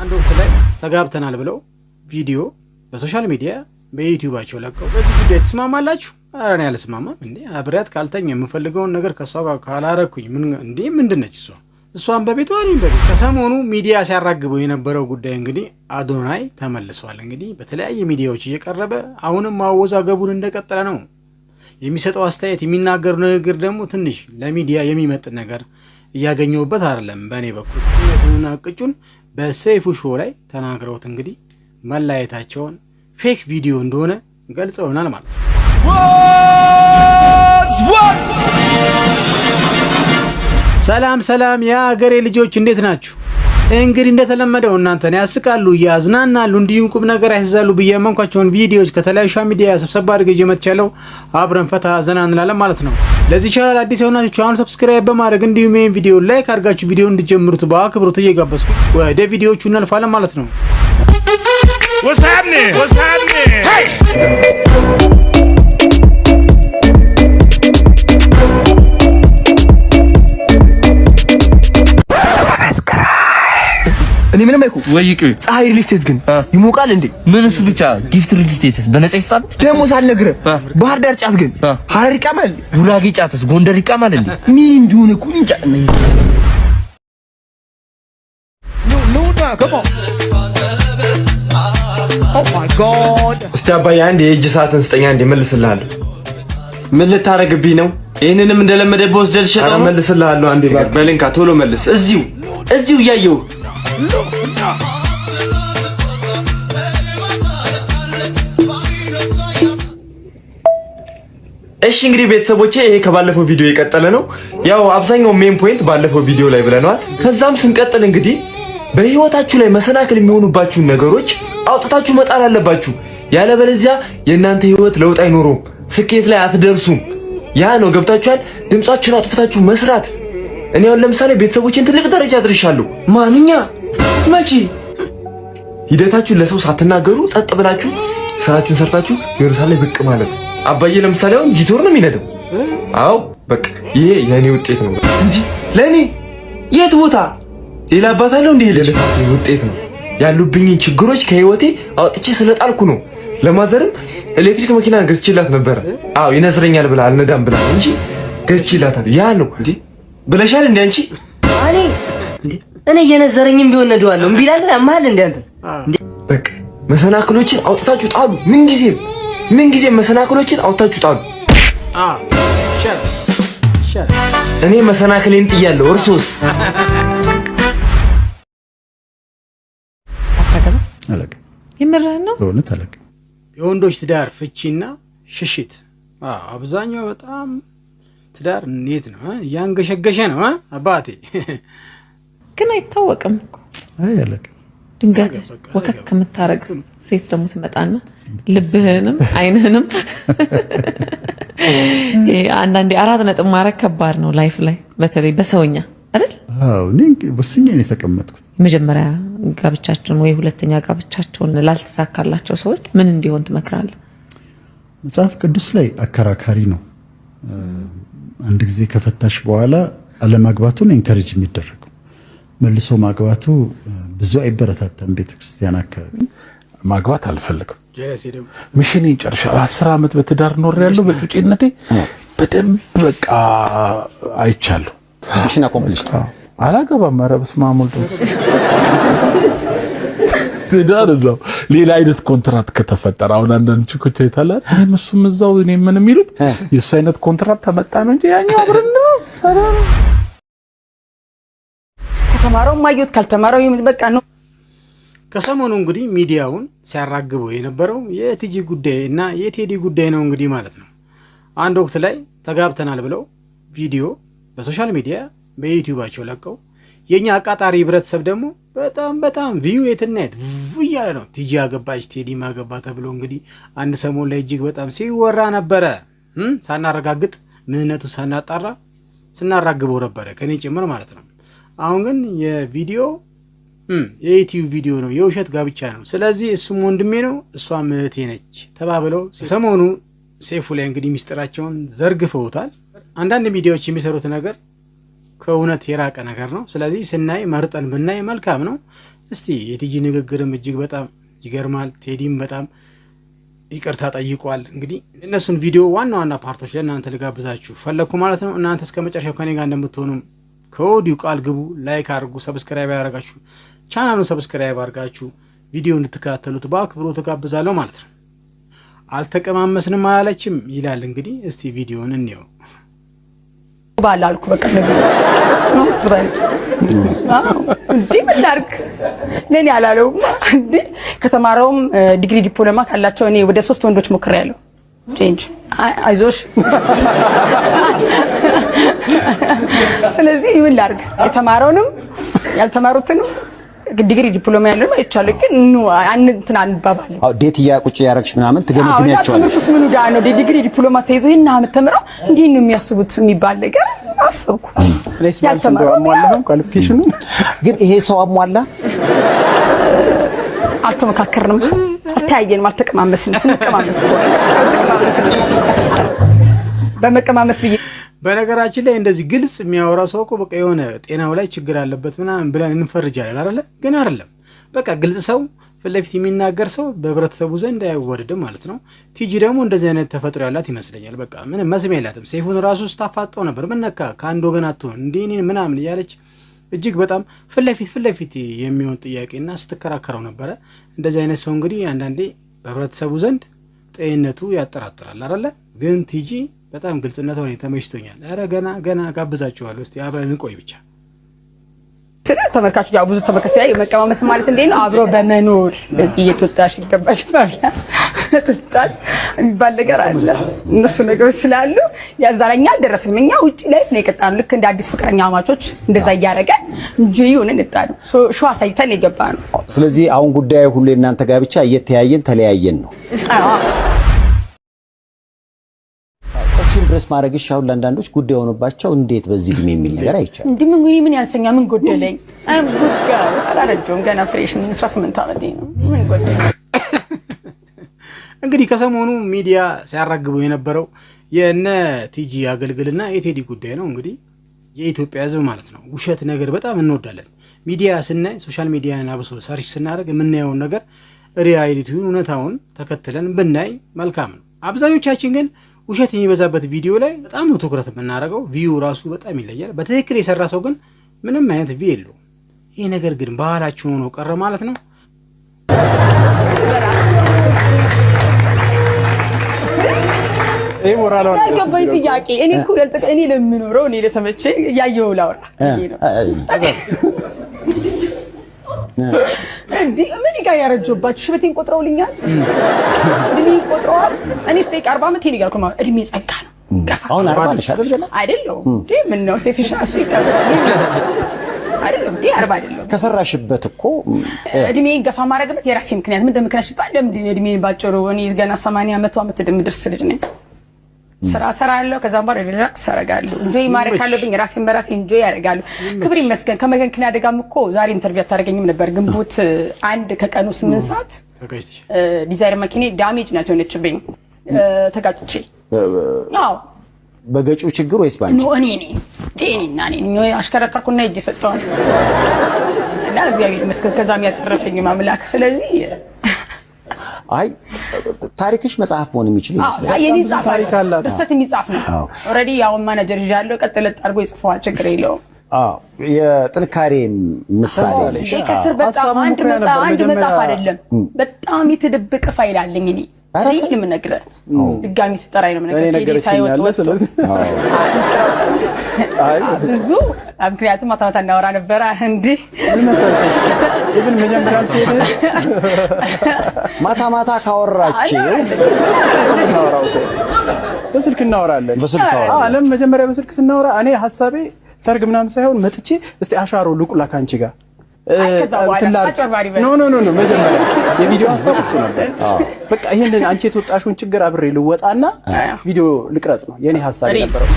አንድ ወቅት ላይ ተጋብተናል ብለው ቪዲዮ በሶሻል ሚዲያ በዩቲዩባቸው ለቀው በዚህ ጉዳይ ትስማማላችሁ? ኧረ እኔ አልስማማም። እንዴ አብሬያት ካልተኛ የምፈልገውን ነገር ከእሷ ጋር ካላረኩኝ እንዴ ምንድነች እሷ እሷን በቤቷ እኔም በቤት ከሰሞኑ ሚዲያ ሲያራግበው የነበረው ጉዳይ እንግዲህ አዶናይ ተመልሷል። እንግዲህ በተለያየ ሚዲያዎች እየቀረበ አሁንም ማወዛገቡን እንደቀጠለ ነው። የሚሰጠው አስተያየት የሚናገሩ ንግግር ደግሞ ትንሽ ለሚዲያ የሚመጥን ነገር እያገኘሁበት አይደለም በእኔ በኩል ቅጩን በሰይፉ ሾው ላይ ተናግረውት እንግዲህ መለያየታቸውን ፌክ ቪዲዮ እንደሆነ ገልጸውናል ማለት ነው። ሰላም ሰላም የአገሬ ልጆች እንዴት ናችሁ? እንግዲህ እንደተለመደው እናንተን ያስቃሉ፣ ያዝናናሉ እንዲሁም ቁም ነገር ያስዛሉ ብዬ ያመንኳቸውን ቪዲዮዎች ከተለያዩ ሶሻል ሚዲያ ሰብሰባ አድርጌ መጥቻለሁ። አብረን ፈታ ዘና እንላለን ማለት ነው። ለዚህ ቻናል አዲስ የሆናችሁ ቻናል ሰብስክራይብ በማድረግ እንዲሁም ይህን ቪዲዮ ላይክ አድርጋችሁ ቪዲዮ እንድጀምሩት በአክብሮት እየጋበዝኩ ወደ ቪዲዮቹ እናልፋለን ማለት ነው። What's What's happening? happening? Hey! እኔ ምንም አይኩ ወይ ይቅር። ፀሐይ ሪል ስቴት ግን ይሞቃል እንዴ? ምን እሱ ብቻ ጊፍት ሪል ስቴትስ በነፃ ይሰጣል። ደግሞ ሳልነግርህ ባህር ዳር ጫት ግን ሀረር ይቃማል፣ ጉራጌ ጫትስ ጎንደር ይቃማል እንዴ? ምን እንደሆነ እኮ እንጃ። oh እስቲ አባዬ አንድ የእጅ ሰዓትን ስጠኝ፣ አንዴ እመልስልሃለሁ። ምን ልታረግብኝ ነው? ይህንንም እንደለመደ በወስደልሽ ነው። እመልስልሃለሁ። አንዴ በልንካ ቶሎ መልስ። እዚሁ እዚሁ እያየሁህ እሺ እንግዲህ ቤተሰቦቼ ይሄ ከባለፈው ቪዲዮ የቀጠለ ነው። ያው አብዛኛው ሜን ፖይንት ባለፈው ቪዲዮ ላይ ብለናል። ከዛም ስንቀጥል እንግዲህ በህይወታችሁ ላይ መሰናክል የሚሆኑባችሁን ነገሮች አውጥታችሁ መጣል አለባችሁ። ያለበለዚያ የእናንተ ህይወት ለውጥ አይኖረውም፣ ስኬት ላይ አትደርሱም። ያ ነው ገብታችኋል። ድምጻችሁን አጥፍታችሁ መስራት። እኔ አሁን ለምሳሌ ቤተሰቦችን ትልቅ ደረጃ አድርሻለሁ ማንኛ መቼ ሂደታችሁን ለሰው ሳትናገሩ ጸጥ ብላችሁ ስራችሁን ሰርታችሁ ኢየሩሳሌም ብቅ ማለት። አባዬ ለምሳሌ አሁን ጂቶር ነው የሚነደው። አዎ በቃ ይሄ የእኔ ውጤት ነው እንጂ ለእኔ የት ቦታ ሌላ አባት አለው እንዲህ ለልፋት ውጤት ነው። ያሉብኝን ችግሮች ከህይወቴ አውጥቼ ስለጣልኩ ነው። ለማዘርም ኤሌክትሪክ መኪና ገዝቼላት ነበረ። አዎ ይነዝረኛል ብላ አልነዳም ብላ እንጂ ገዝቼላታል። ያ ነው እንዴ ብለሻል እንዴ አንቺ እኔ እየነዘረኝም ቢሆን ነደዋለሁ። እምቢ እላለሁ። ያመሀል እንደ አንተ በቃ መሰናክሎችን አውጥታችሁ ጣሉ። ምን ጊዜም ምን ጊዜም መሰናክሎችን አውጥታችሁ ጣሉ። እኔ መሰናክሌን ጥያለሁ። እርሶስ? የምርህን ነው? በእውነት አለቀ። የወንዶች ትዳር ፍቺና ሽሽት አብዛኛው በጣም ትዳር እንዴት ነው? እያንገሸገሸ ነው አባቴ ግን አይታወቅም እኮ ድንገት ወከክ ከምታረግ ሴት ደግሞ ትመጣና ልብህንም አይንህንም አንዳንዴ አራት ነጥብ ማድረግ ከባድ ነው ላይፍ ላይ በተለይ በሰውኛ አይደል ወስኜ ነው የተቀመጥኩት። የመጀመሪያ ጋብቻቸውን ወይ ሁለተኛ ጋብቻቸውን ላልተሳካላቸው ሰዎች ምን እንዲሆን ትመክራለህ? መጽሐፍ ቅዱስ ላይ አከራካሪ ነው። አንድ ጊዜ ከፈታሽ በኋላ አለማግባቱን ኤንከሬጅ የሚደረግ መልሶ ማግባቱ ብዙ አይበረታታም። ቤተክርስቲያን አካባቢ ማግባት አልፈልግም። ሚሽን ጨርሻል። አስር ዓመት በትዳር ኖር ያለው በጩጬነቴ በደንብ በቃ አይቻለሁ። ምሽን አኮምፕሊሽ አላገባም። ኧረ በስመ አብ ወልድ ትዳር እዛው ሌላ አይነት ኮንትራት ከተፈጠረ አሁን አንዳንድ ችኮች አይታላል። እሱም እዛው እኔ ምን የሚሉት የእሱ አይነት ኮንትራት ተመጣ ነው እንጂ ያኛው አብረን ነው ከተማረው ማየት ካልተማረው በቃ ነው። ከሰሞኑ እንግዲህ ሚዲያውን ሲያራግበው የነበረው የቲጂ ጉዳይ እና የቴዲ ጉዳይ ነው እንግዲህ ማለት ነው። አንድ ወቅት ላይ ተጋብተናል ብለው ቪዲዮ በሶሻል ሚዲያ በዩቲዩባቸው ለቀው የእኛ አቃጣሪ ህብረተሰብ ደግሞ በጣም በጣም ቪዩ የትናየት እያለ ነው። ቲጂ አገባች ቴዲ ማገባ ተብሎ እንግዲህ አንድ ሰሞን ላይ እጅግ በጣም ሲወራ ነበረ። ሳናረጋግጥ ምንነቱ ሳናጣራ ስናራግበው ነበረ ከኔ ጭምር ማለት ነው። አሁን ግን የቪዲዮ የዩቲዩብ ቪዲዮ ነው፣ የውሸት ጋብቻ ነው። ስለዚህ እሱም ወንድሜ ነው፣ እሷም እህቴ ነች ተባብለው ሰሞኑ ሴፉ ላይ እንግዲህ ሚስጥራቸውን ዘርግፈውታል። አንዳንድ ሚዲያዎች የሚሰሩት ነገር ከእውነት የራቀ ነገር ነው። ስለዚህ ስናይ መርጠን ብናይ መልካም ነው። እስቲ የቲጂ ንግግርም እጅግ በጣም ይገርማል። ቴዲም በጣም ይቅርታ ጠይቋል። እንግዲህ እነሱን ቪዲዮ ዋና ዋና ፓርቶች ለእናንተ ልጋብዛችሁ ፈለግኩ ማለት ነው። እናንተ እስከ መጨረሻው ከኔ ጋር እንደምትሆኑም ከወዲሁ ቃል ግቡ። ላይክ አድርጉ፣ ሰብስክራይብ ያደርጋችሁ ቻናሉን ሰብስክራይብ አድርጋችሁ ቪዲዮ እንድትከታተሉት በአክብሮት ተጋብዛለሁ ማለት ነው። አልተቀማመስንም አላለችም ይላል እንግዲህ። እስቲ ቪዲዮን እንየው። ባላልኩ በቃ እንዲህ ምን ላድርግ? ለእኔ አላለውም። እንዲህ ከተማረውም ዲግሪ ዲፕሎማ ካላቸው እኔ ወደ ሶስት ወንዶች ሞክሬያለሁ። ቼንጅ አይዞሽ ስለዚህ ምን ላድርግ? የተማረውንም ያልተማሩትንም ዲግሪ ዲፕሎማ ያለንም አይቻለሁ። ግን ኑ እንትን አንባባል። አዎ ዴት ቁጭ ያረግሽ ምናምን ትገመግሚያቸዋለሽ። አዎ ምን ዳ ነው ዲግሪ ዲፕሎማ ተይዞ ይሄን አመት ተምረው እንዲህ ነው የሚያስቡት የሚባል ነገር አሰብኩ። ግን ይሄ ሰው አሟላ። አልተመካከርንም፣ አልተያየንም፣ አልተቀማመስንም። ስንቀማመስ በመቀማመስ ብዬ በነገራችን ላይ እንደዚህ ግልጽ የሚያወራ ሰው እኮ በቃ የሆነ ጤናው ላይ ችግር አለበት ምናምን ብለን እንፈርጃለን አይደለ? ግን አይደለም። በቃ ግልጽ ሰው ፊት ለፊት የሚናገር ሰው በህብረተሰቡ ዘንድ አይወደድም ማለት ነው። ቲጂ ደግሞ እንደዚህ አይነት ተፈጥሮ ያላት ይመስለኛል። በቃ ምንም መስም የላትም። ሴፉን ራሱ ስታፋጠው ነበር። ምነካ ነካ ከአንድ ወገን አትሆን እንዲህ እኔን ምናምን እያለች እጅግ በጣም ፊት ለፊት ፊት ለፊት የሚሆን ጥያቄና ስትከራከረው ነበረ። እንደዚህ አይነት ሰው እንግዲህ አንዳንዴ በህብረተሰቡ ዘንድ ጤንነቱ ያጠራጥራል አይደለ? ግን ቲጂ በጣም ግልጽነት ሆነ ተመችቶኛል። ኧረ ገና ገና ጋብዛችኋል። እስቲ አብረን ቆይ ብቻ ተመልካቹ ያው ብዙ ተመልካች ሲያይ መቀማመስ ማለት እንዴ ነው? አብሮ በመኖር እየተወጣሽ ይገባሽ ተስጣት የሚባል ነገር አለ። እነሱ ነገሮች ስላሉ ያዛላኛ አልደረስንም። እኛ ውጭ ላይፍ ነው የቀጣነው። ልክ እንደ አዲስ ፍቅረኛ አማቾች እንደዛ እያደረገን እንጂ ሆነን ሾ አሳይተን የገባ ነው። ስለዚህ አሁን ጉዳዩ ሁሉ የእናንተ ጋር ብቻ እየተያየን ተለያየን ነው። ኤክስፕሬስ ማድረግሽ አሁን ለአንዳንዶች ጉዳይ ሆኖባቸው እንዴት በዚህ እድሜ የሚል ነገር አይቻልም። እንዲህ ምን ምን ያንሰኛ ምን ጎደለኝ? አላረጀሁም ገና ፍሬሽ ነኝ። ስምንት ዓመቴ ነው። ምን ጎደለኝ? እንግዲህ ከሰሞኑ ሚዲያ ሲያራግበው የነበረው የነ ቲጂ አገልግልና የቴዲ ጉዳይ ነው። እንግዲህ የኢትዮጵያ ሕዝብ ማለት ነው ውሸት ነገር በጣም እንወዳለን። ሚዲያ ስናይ ሶሻል ሚዲያን አብሶ ሰርች ስናደርግ የምናየውን ነገር ሪያሊቲውን እውነታውን ተከትለን ብናይ መልካም ነው። አብዛኞቻችን ግን ውሸት የሚበዛበት ቪዲዮ ላይ በጣም ነው ትኩረት የምናደርገው። ቪዩ ራሱ በጣም ይለያል። በትክክል የሰራ ሰው ግን ምንም አይነት ቪ የለውም። ይህ ነገር ግን ባህላችሁ ሆኖ ቀረ ማለት ነው። ያልገባኝ ጥያቄ እኔ እኮ እኔ ለምኖረው እኔ ለተመቼ እያየው ላውራ ነው ምን ጋ ያረጀባችሁ ሽበቴን ቆጥረውልኛል። እድሜ ቆጥረዋል። እኔ ስጠይቅ አርባ ዓመት ሄድ እያልኩ እድሜ ጸጋ ነው። አሁን አርባ አይደለሁም። ከሰራሽበት እኮ እድሜ ገፋ ማድረግበት የራሴ ምክንያት ለምንድን ባጭሩ እኔ ገና ሰማንያ መቶ ዓመት የምደርስ ልጅ ነኝ። ስራ እሰራለሁ። ከዛም በኋላ ሪላክስ አደርጋለሁ። እንጆይ ማድረግ ካለብኝ ራሴን በራሴ እንጆይ ያደርጋለሁ። ክብር ይመስገን። ከመኪና አደጋም እኮ ዛሬ ኢንተርቪው አታደርገኝም ነበር። ግንቦት አንድ ከቀኑ ስምንት ሰዓት ዲዛይር መኪኔ ዳሜጅ ናት የሆነችብኝ ተጋጭቼ በገጩ ችግር ወይስ ባንቺ? ኖ እኔ ነኝ ጤኔና ነኝ ነው አሽከረከርኩና እጅ ሰጠዋል እና እግዚአብሔር ይመስገን ከዛም ያተረፈኝ አምላክ ስለዚህ አይ ታሪክሽ መጽሐፍ መሆን የሚችል ይመስላል። ክስተት የሚጻፍ ነው። ኦልሬዲ ያውን ማናጀር ይዣለሁ። ቀጥል አድርጎ ይጽፈዋል። ችግር የለውም። የጥንካሬ ምሳሌ ከስር በጣም አንድ መጽሐፍ አይደለም፣ በጣም የተደበቀ ፋይል አለኝ እኔ ይህን የምነግርህ ድጋሚ ስጠራኝ ነው የምነግርህ ሳይወጥ ብዙ ምክንያቱም ማታ ማታ እናወራ ነበረ። እንዲህ መጀመሪያም ሲሄድ ማታ ማታ ካወራችሁ በስልክ እናወራለን። መጀመሪያ በስልክ ስናወራ እኔ ሀሳቤ ሰርግ ምናምን ሳይሆን መጥቼ እስቲ አሻሮ ልቁላ ከአንቺ ጋር ኖ ኖ ኖ መጀመሪያ የቪዲዮ ሀሳብ እሱ ነበር። በቃ ይሄንን አንቺ የተወጣሽውን ችግር አብሬ ልወጣና ቪዲዮ ልቅረጽ ነው የኔ ሀሳብ ነበረው።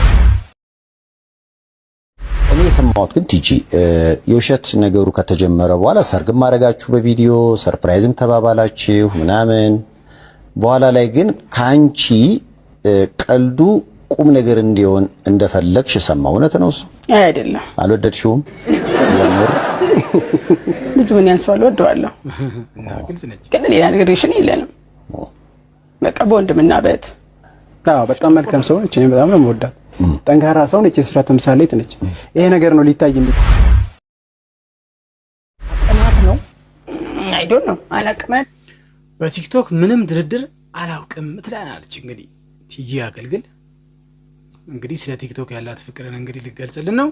የሰማሁት ግን ቲጂ የውሸት ነገሩ ከተጀመረ በኋላ ሰርግም ማድረጋችሁ በቪዲዮ ሰርፕራይዝም ተባባላችሁ ምናምን፣ በኋላ ላይ ግን ከአንቺ ቀልዱ ቁም ነገር እንዲሆን እንደፈለግሽ ሰማሁ። እውነት ነው? እሱ አይደለም። አልወደድሽውም? የምር ልጁ ምን ያንሰዋል? ወደዋለሁ፣ ግን ሌላ ነገር ሽን የለንም። በቃ በወንድምና በት በጣም መልካም ሰው ነች። በጣም ነው የምወዳት ጠንካራ ሰው ነች፣ የስራ ተምሳሌት ነች። ይሄ ነገር ነው ሊታይ እንዴ ጥናት ነው አይዶን ነው አላቅም። በቲክቶክ ምንም ድርድር አላውቅም ትላለች እንግዲህ ትይ አገልግል። እንግዲህ ስለ ቲክቶክ ያላት ፍቅርን እንግዲህ ልገልጽልን ነው።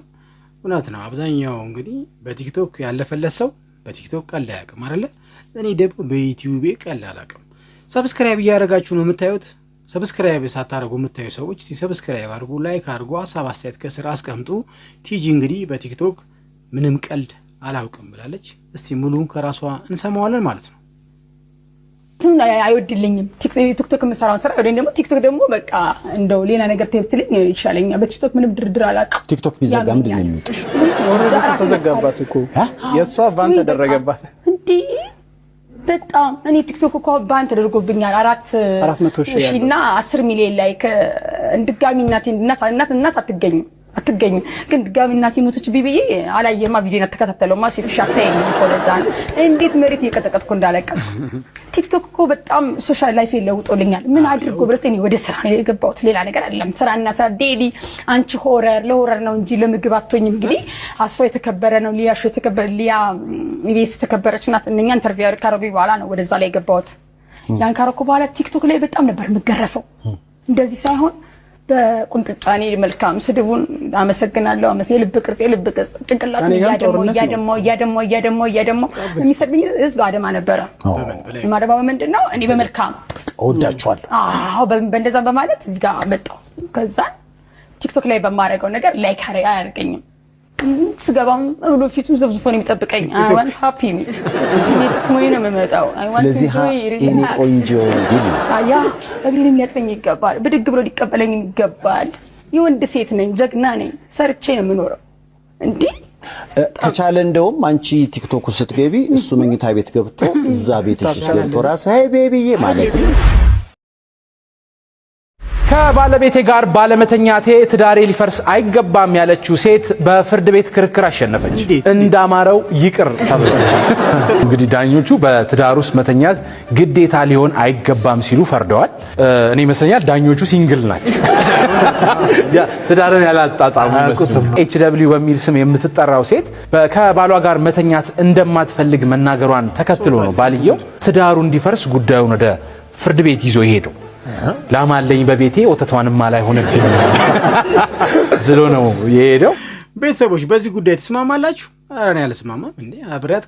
እውነት ነው። አብዛኛው እንግዲህ በቲክቶክ ያለፈለት ሰው በቲክቶክ ቀልድ አያውቅም አይደለ? እኔ ደግሞ በዩቲዩቤ ቀልድ አላውቅም። ሰብስክራይብ እያደረጋችሁ ነው የምታዩት። ሰብስክራይብ ሳታደርጉ የምታዩ ሰዎች ሰብስክራይብ አድርጉ፣ ላይክ አድርጉ፣ ሀሳብ አስተያየት ከስር አስቀምጡ። ቲጂ እንግዲህ በቲክቶክ ምንም ቀልድ አላውቅም ብላለች። እስቲ ሙሉውን ከራሷ እንሰማዋለን ማለት ነው። አይወድልኝም ቲክቶክ የምሰራውን ስራ ወይም ደግሞ ቲክቶክ ደግሞ በቃ እንደው ሌላ ነገር ትብትልኝ ይሻለኛል። በቲክቶክ ምንም ድርድር አላውቅም። ቲክቶክ ቢዘጋ ምንድን ነው የሚወጡሽ? ተዘጋባት እኮ የእሷ ቫን ተደረገባት በጣም እኔ ቲክቶክ እኮ ባን ተደርጎብኛል። አራት አራት መቶ ሺህ እና አስር ሚሊዮን ላይክ እንድጋሚ እናት እናት እናት አትገኝም አትገኝም። ግን ድጋሚ እናቴ ሞተች ብዬ አላየማ ቪዲዮን አትከታተለውማ ሲፍሻ ታይኝ ኮለዛ እንዴት መሬት እየቀጠቀጥኩ እንዳለቀስኩ። ቲክቶክ እኮ በጣም ሶሻል ላይፍ ለውጦልኛል። ምን አድርጎ ብለት እኔ ወደ ስራ ነው የገባሁት፣ ሌላ ነገር አይደለም። ስራና ስራ ዴሊ አንቺ ሆረር ለሆረር ነው እንጂ ለምግብ አትሆኝም። እንግዲህ አስፋ የተከበረ ነው ሊያ ሾ የተከበረ ሊያ ኢቢኤስ የተከበረች ናት። እነኛ ኢንተርቪው ካረቢ በኋላ ነው ወደዛ ላይ የገባሁት። ያን ካረኩ በኋላ ቲክቶክ ላይ በጣም ነበር የምገረፈው እንደዚህ ሳይሆን በቁንጥጫኔ መልካም ስድቡን አመሰግናለሁ። አመስ የልብ ቅርጽ የልብ ቅርጽ ጭንቅላቱ እያደሞ እያደሞ እያደሞ እያደሞ የሚሰጥኝ ህዝብ አደማ ነበረ። ማደማ በምንድን ነው? እኔ በመልካም እወዳችኋለሁ። አዎ በእንደዛም በማለት እዚህ ጋር መጣሁ። ከዛ ቲክቶክ ላይ በማደርገው ነገር ላይክ አያደርገኝም ስገባም ብሎ ፊቱም ዘብዝፎ ነው የሚጠብቀኝ። አይዋንት ሀፒ ሚጥሞይ ነው የምመጣው። ስለዚህ ቆንጆ ያ እግሬንም ሊያጥበኝ ይገባል። ብድግ ብሎ ሊቀበለኝ ይገባል። የወንድ ሴት ነኝ፣ ጀግና ነኝ። ሰርቼ ነው የምኖረው። እንዲህ ከቻለ እንደውም አንቺ ቲክቶክ ስትገቢ እሱ መኝታ ቤት ገብቶ እዛ ቤትሽ ገብቶ ራስ ሀይ ቤቢዬ ማለት ነው። ከባለቤቴ ጋር ባለመተኛቴ ትዳሬ ሊፈርስ አይገባም ያለችው ሴት በፍርድ ቤት ክርክር አሸነፈች። እንዳማረው ይቅር ተብለች። እንግዲህ ዳኞቹ በትዳር ውስጥ መተኛት ግዴታ ሊሆን አይገባም ሲሉ ፈርደዋል። እኔ ይመስለኛል ዳኞቹ ሲንግል ናቸው። ትዳርን ያላጣጣሙ ኤች በሚል ስም የምትጠራው ሴት ከባሏ ጋር መተኛት እንደማትፈልግ መናገሯን ተከትሎ ነው ባልየው ትዳሩ እንዲፈርስ ጉዳዩን ወደ ፍርድ ቤት ይዞ ይሄደው። ላም አለኝ በቤቴ ወተቷንም ማላይ ሆነብኝ ዝሎ ነው የሄደው። ቤተሰቦች በዚህ ጉዳይ ትስማማላችሁ? ረን እኔ እ እንዴ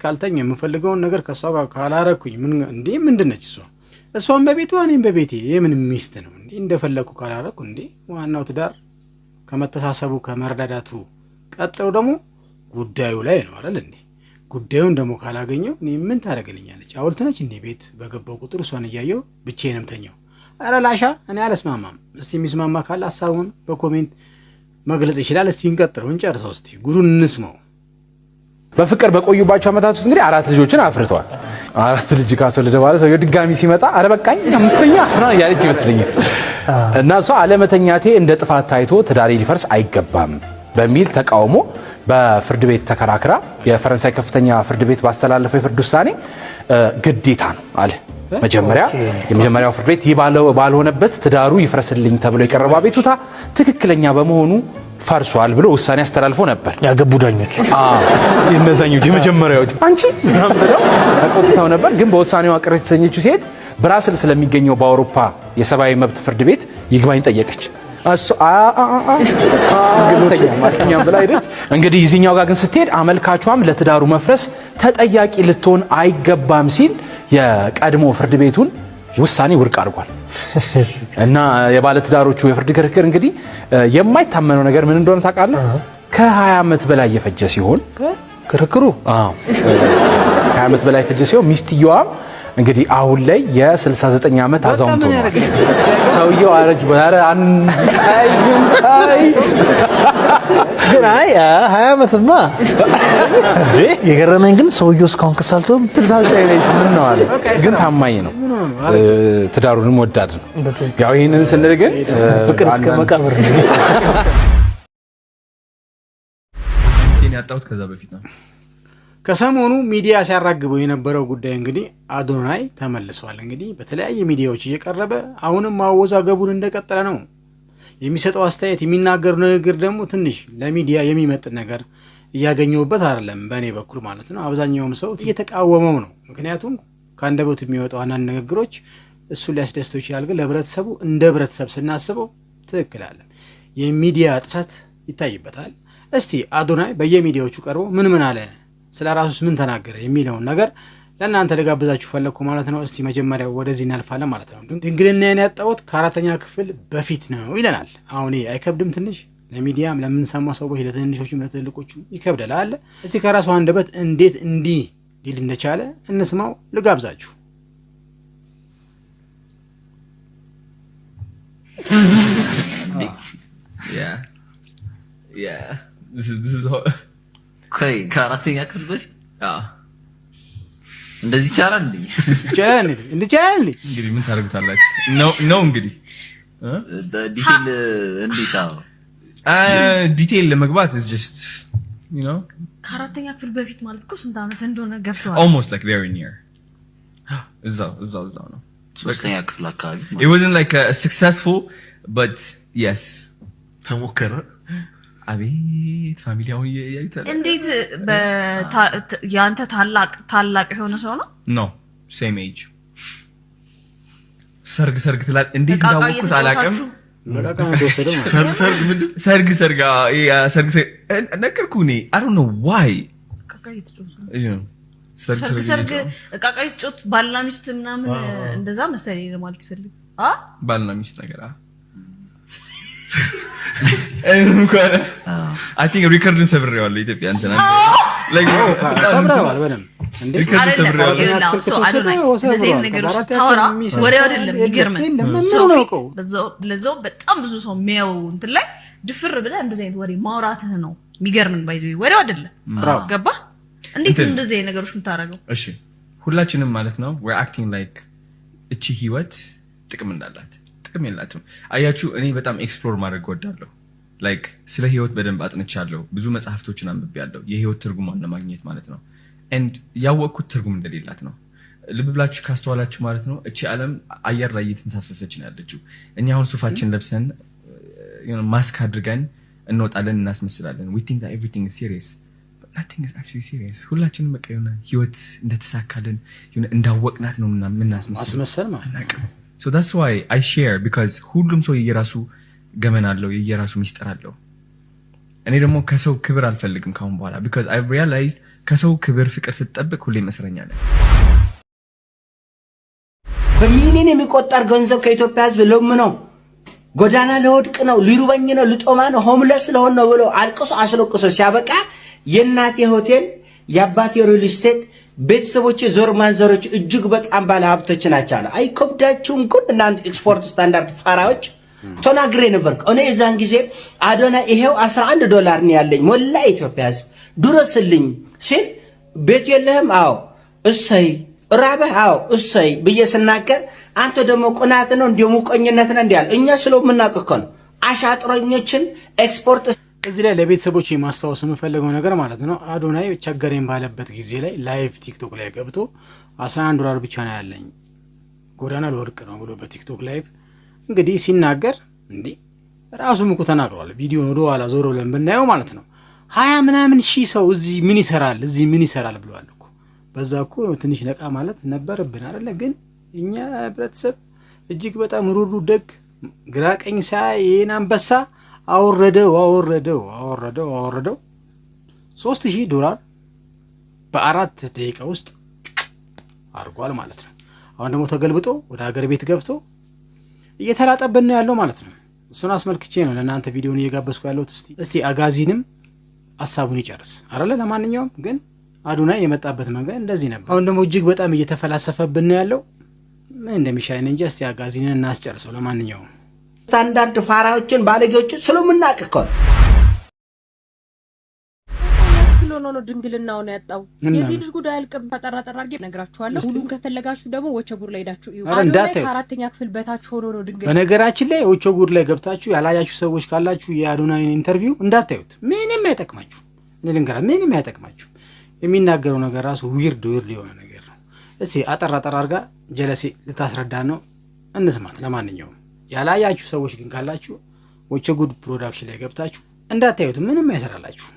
ካልተኝ የምፈልገውን ነገር ከእሷ ጋር ካላረኩኝ እንዴ ምንድነች እሷ? እሷም በቤቷ እኔም በቤቴ የምን ሚስት ነው እንዴ? እንደፈለግኩ ካላረኩ እንዴ። ዋናው ትዳር ከመተሳሰቡ ከመረዳዳቱ ቀጥሎ ደግሞ ጉዳዩ ላይ ነው አይደል እንዴ? ጉዳዩን ደግሞ ካላገኘው እኔ ምን ታደርግልኛለች? አውልትነች እንዴ? ቤት በገባው ቁጥር እሷን እያየው ብቼ ነምተኛው አረ ላሻ እኔ አልስማማም። እስቲ የሚስማማ ካለ ሀሳቡን በኮሜንት መግለጽ ይችላል። እስቲ እንቀጥለው፣ እንጨርሰው፣ እስቲ ጉዱን እንስማው። በፍቅር በቆዩባቸው ዓመታት ውስጥ እንግዲህ አራት ልጆችን አፍርተዋል። አራት ልጅ ካስወለደ በኋላ ሰውየው ድጋሚ ሲመጣ አረ በቃኝ አምስተኛ ምናምን እያለች ይመስለኛል። እና እሷ አለመተኛቴ እንደ ጥፋት ታይቶ ትዳሬ ሊፈርስ አይገባም በሚል ተቃውሞ በፍርድ ቤት ተከራክራ የፈረንሳይ ከፍተኛ ፍርድ ቤት ባስተላለፈው የፍርድ ውሳኔ ግዴታ ነው አለ። መጀመሪያ የመጀመሪያው ፍርድ ቤት ይህ ባልሆነበት ትዳሩ ይፍረስልኝ ተብሎ የቀረበው አቤቱታ ትክክለኛ በመሆኑ ፈርሷል ብሎ ውሳኔ አስተላልፎ ነበር። ያገቡ ዳኞች እነዛኞች የመጀመሪያዎቹ አንቺ ብለው ተቆጥተው ነበር። ግን በውሳኔው ቅር የተሰኘችው ሴት ብራስል ስለሚገኘው በአውሮፓ የሰብአዊ መብት ፍርድ ቤት ይግባኝ ጠየቀች። እንግዲህ እዚህኛው ጋር ግን ስትሄድ አመልካቿም ለትዳሩ መፍረስ ተጠያቂ ልትሆን አይገባም ሲል የቀድሞ ፍርድ ቤቱን ውሳኔ ውድቅ አድርጓል። እና የባለትዳሮቹ የፍርድ ክርክር እንግዲህ የማይታመነው ነገር ምን እንደሆነ ታውቃለህ? ከ20 ዓመት በላይ የፈጀ ሲሆን ክርክሩ ከ20 ዓመት በላይ የፈጀ ሲሆን ሚስትየዋም እንግዲህ አሁን ላይ የ69 ዓመት አዛውንቶ ሰውየው አረጅ አይ ሀያ ዓመትማ የገረመኝ ግን ሰውየው እስካሁን ክስ ምን ነው አለ ግን ታማኝ ነው፣ ትዳሩንም ወዳድ ነው። ያው ይህንን ስንል ግን ፍቅር እስከ መቃብር ያጣሁት ከዛ በፊት ነው። ከሰሞኑ ሚዲያ ሲያራግበው የነበረው ጉዳይ እንግዲህ አዶናይ ተመልሷል። እንግዲህ በተለያየ ሚዲያዎች እየቀረበ አሁንም ማወዛገቡን እንደቀጠለ ነው። የሚሰጠው አስተያየት የሚናገሩ ንግግር ደግሞ ትንሽ ለሚዲያ የሚመጥን ነገር እያገኘሁበት አይደለም፣ በእኔ በኩል ማለት ነው። አብዛኛውም ሰው እየተቃወመው ነው። ምክንያቱም ከአንደበቱ የሚወጣው አንዳንድ ንግግሮች እሱን ሊያስደስተው ይችላል፣ ግን ለህብረተሰቡ እንደ ህብረተሰብ ስናስበው ትክክል አለን። የሚዲያ ጥሰት ይታይበታል። እስቲ አዶናይ በየሚዲያዎቹ ቀርቦ ምን ምን አለ፣ ስለ ራሱስ ምን ተናገረ የሚለውን ነገር ለእናንተ ልጋብዛችሁ ፈለግኩ ማለት ነው። እስቲ መጀመሪያ ወደዚህ እናልፋለን ማለት ነው። ድንግልናዬን ያጣሁት ከአራተኛ ክፍል በፊት ነው ይለናል። አሁን አይከብድም? ትንሽ ለሚዲያም ለምንሰማ ሰዎች ለትንንሾችም ለትልቆቹም ይከብዳል አለ። እዚህ ከራሱ አንደበት እንዴት እንዲህ ሊል እንደቻለ እንስማው፣ ልጋብዛችሁ ከአራተኛ ክፍል በፊት ah. እንደዚህ ይቻላል ይቻላል እንግዲህ ምን ታደርጉታላችሁ? ነው እንግዲህ ዲቴል ለመግባት ጀስት ከአራተኛ ክፍል በፊት ማለት እኮ ስንት ዓመት እንደሆነ ገብቷል። እዛው እዛው እዛው ነው ክፍል አካባቢ ተሞከረ አቤት ፋሚሊ አሁን እንዴት የአንተ ታላቅ ታላቅ የሆነ ሰው ነው ኖ ሴም ኤጅ ሰርግ ሰርግ ትላለህ። እንዴት እንዳወቅሁት አላውቅም። ሰርግ ሰርግ ነገርኩህ እኔ አይ ዶንት ዋይ ሰርግ ሰርግ ዕቃ ዕቃ ባልና ሚስት ምናምን እንደዛ መሰለኝ ለማለት ይፈልግ ባልና ሚስት ነገር እንኳን ሪከርድን ሰብሬዋለሁ። ኢትዮጵያ እንትና ሰብረዋል በደንብ ለዛውም በጣም ብዙ ሰው የሚያው እንትን ላይ ድፍር ብለህ እንደዚህ አይነት ወሬ ማውራትህ ነው የሚገርምን። ባይዘ ወሬው አይደለም ገባ። እንዴት እንደዚህ ነገሮች የምታደርገው? እሺ ሁላችንም ማለት ነው ወይ አክቲንግ ላይክ እቺ ህይወት ጥቅም እንዳላት ጥቅም የላትም። አያችሁ እኔ በጣም ኤክስፕሎር ማድረግ ወዳለሁ። ላይክ ስለ ህይወት በደንብ አጥንቻለሁ። ብዙ መጽሐፍቶችን አንብቤያለሁ። የህይወት ትርጉሟን ለማግኘት ማለት ነው። ኤንድ ያወቅኩት ትርጉም እንደሌላት ነው። ልብ ብላችሁ ካስተዋላችሁ ማለት ነው እቺ ዓለም አየር ላይ እየተንሳፈፈች ነው ያለችው። እኛ አሁን ሱፋችን ለብሰን uh, ማስክ አድርገን እንወጣለን፣ እናስመስላለን። ዊ ቲንክ ኤቭሪቲንግ ሲሪየስ ሁላችንም በቃ የሆነ ህይወት እንደተሳካልን እንዳወቅናት ነው ምናምን የምናስመስል ዳትስ ዋይ አይ ሼር ቢካዝ ሁሉም ሰው የየራሱ ገመና አለው፣ የየራሱ ሚስጥር አለው። እኔ ደግሞ ከሰው ክብር አልፈልግም ካሁን በኋላ ቢካዝ አይ ሪያላይዝድ ከሰው ክብር ፍቅር ስትጠብቅ ሁሌም እስረኛ ነህ። በሚሊዮን የሚቆጠር ገንዘብ ከኢትዮጵያ ሕዝብ ለምነው ጎዳና ለወድቅ ነው ሊሩበኝ ነው ልጦማ ነው ሆምለስ ለሆን ነው ብሎ አልቅሶ አስለቅሶ ሲያበቃ የእናቴ ሆቴል የአባቴ ሪል ስቴት ቤተሰቦች ዞር ማንዘሮች እጅግ በጣም ባለ ሀብቶች ናቸው አለ። አይከብዳችሁም ግን እናንተ ኤክስፖርት ስታንዳርድ ፋራዎች ተናግሬ ነበር። እኔ የዛን ጊዜ አዶና ይሄው 11 ዶላር ነው ያለኝ ሞላ ኢትዮጵያ ህዝብ ድረስልኝ ሲል ቤት የለህም? አዎ እሰይ፣ ራበህ? አዎ እሰይ ብዬ ስናገር አንተ ደግሞ ቁናት ነው እንዲሁ ሙቀኝነት ነው እንዲያል እኛ ስለምናውቅ እኮ ነው አሻጥረኞችን ኤክስፖርት እዚህ ላይ ለቤተሰቦች የማስታወስ የምፈልገው ነገር ማለት ነው አዶናይ ቸገረኝ ባለበት ጊዜ ላይ ላይቭ ቲክቶክ ላይ ገብቶ 11 ዶላር ብቻ ነው ያለኝ ጎዳና ለወርቅ ነው ብሎ በቲክቶክ ላይቭ እንግዲህ ሲናገር እንዲህ ራሱም እኮ ተናግሯል። ቪዲዮን ወደ ኋላ ዞሮ ብለን ብናየው ማለት ነው ሀያ ምናምን ሺህ ሰው እዚህ ምን ይሰራል እዚህ ምን ይሰራል ብለዋል እኮ በዛ እኮ ትንሽ ነቃ ማለት ነበርብን አደለ? ግን እኛ ህብረተሰብ እጅግ በጣም ሩሩ፣ ደግ፣ ግራ ቀኝ ሳይ ይህን አንበሳ አወረደው አወረደው አወረደው አወረደው ሶስት ሺህ ዶላር በአራት ደቂቃ ውስጥ አድርጓል ማለት ነው። አሁን ደግሞ ተገልብጦ ወደ ሀገር ቤት ገብቶ እየተላጠብን ነው ያለው ማለት ነው። እሱን አስመልክቼ ነው ለእናንተ ቪዲዮን እየጋበዝኩ ያለሁት። እስቲ እስቲ አጋዚንም ሀሳቡን ይጨርስ አረለ። ለማንኛውም ግን አዶናይ የመጣበት መንገድ እንደዚህ ነበር። አሁን ደግሞ እጅግ በጣም እየተፈላሰፈብን ነው ያለው። ምን እንደሚሻይን እንጂ እስቲ አጋዚንን እናስጨርሰው ለማንኛውም ስታንዳርድ ፋራዎችን ባለጌዎችን ስለምናቅ እኮ ነው። ሆኖ ነው ድንግልናውን ያጣው። የዚህ ልጅ ጉዳይ አልቅም። ጠራ ጠራ አድርጌ ነግራችኋለሁ። ሁሉም ከፈለጋችሁ ደግሞ ወቸጉር ላይ ሄዳችሁ እዩ። ከአራተኛ ክፍል በታች ሆኖ ነው ድንግል። በነገራችን ላይ ወቸጉር ላይ ገብታችሁ ያላያችሁ ሰዎች ካላችሁ የአዶናይን ኢንተርቪው እንዳታዩት። ምንም አይጠቅማችሁ፣ እኔ ልንገራ፣ ምንም አይጠቅማችሁ። የሚናገረው ነገር ራሱ ዊርድ ዊርድ የሆነ ነገር ነው። እስኪ አጠራ ጠራ አድርጋ ጀለሴ ልታስረዳን ነው፣ እንስማት። ለማንኛውም ያላያችሁ ሰዎች ግን ካላችሁ ወቸ ጉድ ፕሮዳክሽን ላይ ገብታችሁ እንዳታዩት፣ ምንም አይሰራላችሁ።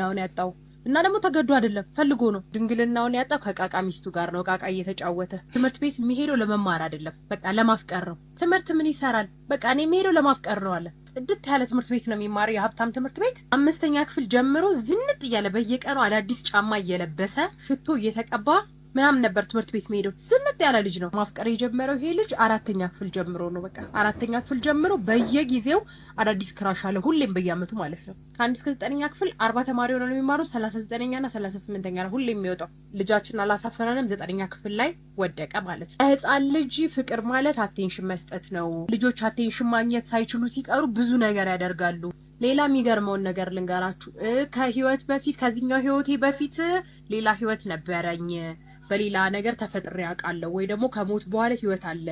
ናውን ያጣው እና ደግሞ ተገዶ አይደለም ፈልጎ ነው። ድንግልናውን ያጣው ከቃቃ ሚስቱ ጋር ነው። ቃቃ እየተጫወተ ትምህርት ቤት የሚሄደው ለመማር አይደለም፣ በቃ ለማፍቀር ነው። ትምህርት ምን ይሰራል? በቃ እኔ የሚሄደው ለማፍቀር ነው አለ። ጽድት ያለ ትምህርት ቤት ነው የሚማረው፣ የሀብታም ትምህርት ቤት። አምስተኛ ክፍል ጀምሮ ዝንጥ እያለ በየቀኑ አዳዲስ ጫማ እየለበሰ ሽቶ እየተቀባ ምናምን ነበር ትምህርት ቤት መሄደው። ዝምት ያለ ልጅ ነው። ማፍቀር የጀመረው ይሄ ልጅ አራተኛ ክፍል ጀምሮ ነው። በቃ አራተኛ ክፍል ጀምሮ በየጊዜው አዳዲስ ክራሽ አለ፣ ሁሌም በየአመቱ ማለት ነው። ከአንድ እስከ ዘጠነኛ ክፍል አርባ ተማሪ ሆነ ነው የሚማረው። ሰላሳ ዘጠነኛ ና ሰላሳ ስምንተኛ ነው ሁሌም የሚወጣው። ልጃችን አላሳፈረንም። ዘጠነኛ ክፍል ላይ ወደቀ ማለት ነው። ህፃን ልጅ ፍቅር ማለት አቴንሽን መስጠት ነው። ልጆች አቴንሽን ማግኘት ሳይችሉ ሲቀሩ ብዙ ነገር ያደርጋሉ። ሌላ የሚገርመውን ነገር ልንገራችሁ። ከህይወት በፊት ከዚህኛው ህይወቴ በፊት ሌላ ህይወት ነበረኝ። በሌላ ነገር ተፈጥሬ አውቃለሁ ወይ ደግሞ ከሞት በኋላ ህይወት አለ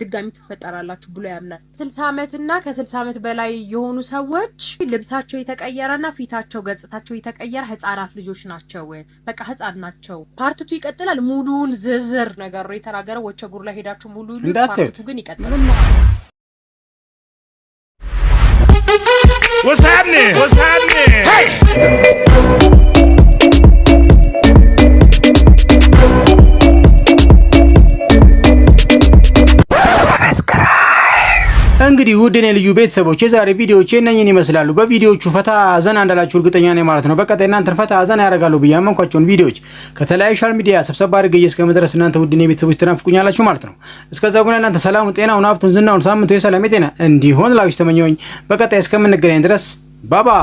ድጋሚ ትፈጠራላችሁ ብሎ ያምናል። ስልሳ ዓመትና ከስልሳ አመት በላይ የሆኑ ሰዎች ልብሳቸው የተቀየረና ፊታቸው ገጽታቸው የተቀየረ ህጻናት ልጆች ናቸው። በቃ ህጻን ናቸው። ፓርትቱ ይቀጥላል። ሙሉውን ዝርዝር ነገር ነው የተናገረው። ጉር ላይ ሄዳችሁ ሙሉ ፓርትቱ ግን ይቀጥላል። What's happening? What's happening? Hey! እንግዲህ ውድኔ ልዩ ቤተሰቦች የዛሬ ቪዲዮዎች ነኝን ይመስላሉ። በቪዲዮቹ ፈታ ዘና እንዳላችሁ እርግጠኛ ነኝ ማለት ነው። በቀጣይ እናንተን ፈታ ዘና ያደርጋሉ ብዬ አመንኳቸውን ቪዲዮዎች ከተለያዩ ሻል ሚዲያ ሰብሰባ አድርገ እስከመድረስ እናንተ ውድ ቤተሰቦች ትናፍቁኛላችሁ ማለት ነው። እስከዛ ቡና እናንተ ሰላሙን፣ ጤናውን፣ ሀብቱን፣ ዝናውን ሳምንቱ የሰላም የጤና እንዲሆን ላዎች ተመኘሁኝ። በቀጣይ እስከምንገናኝ ድረስ ባባ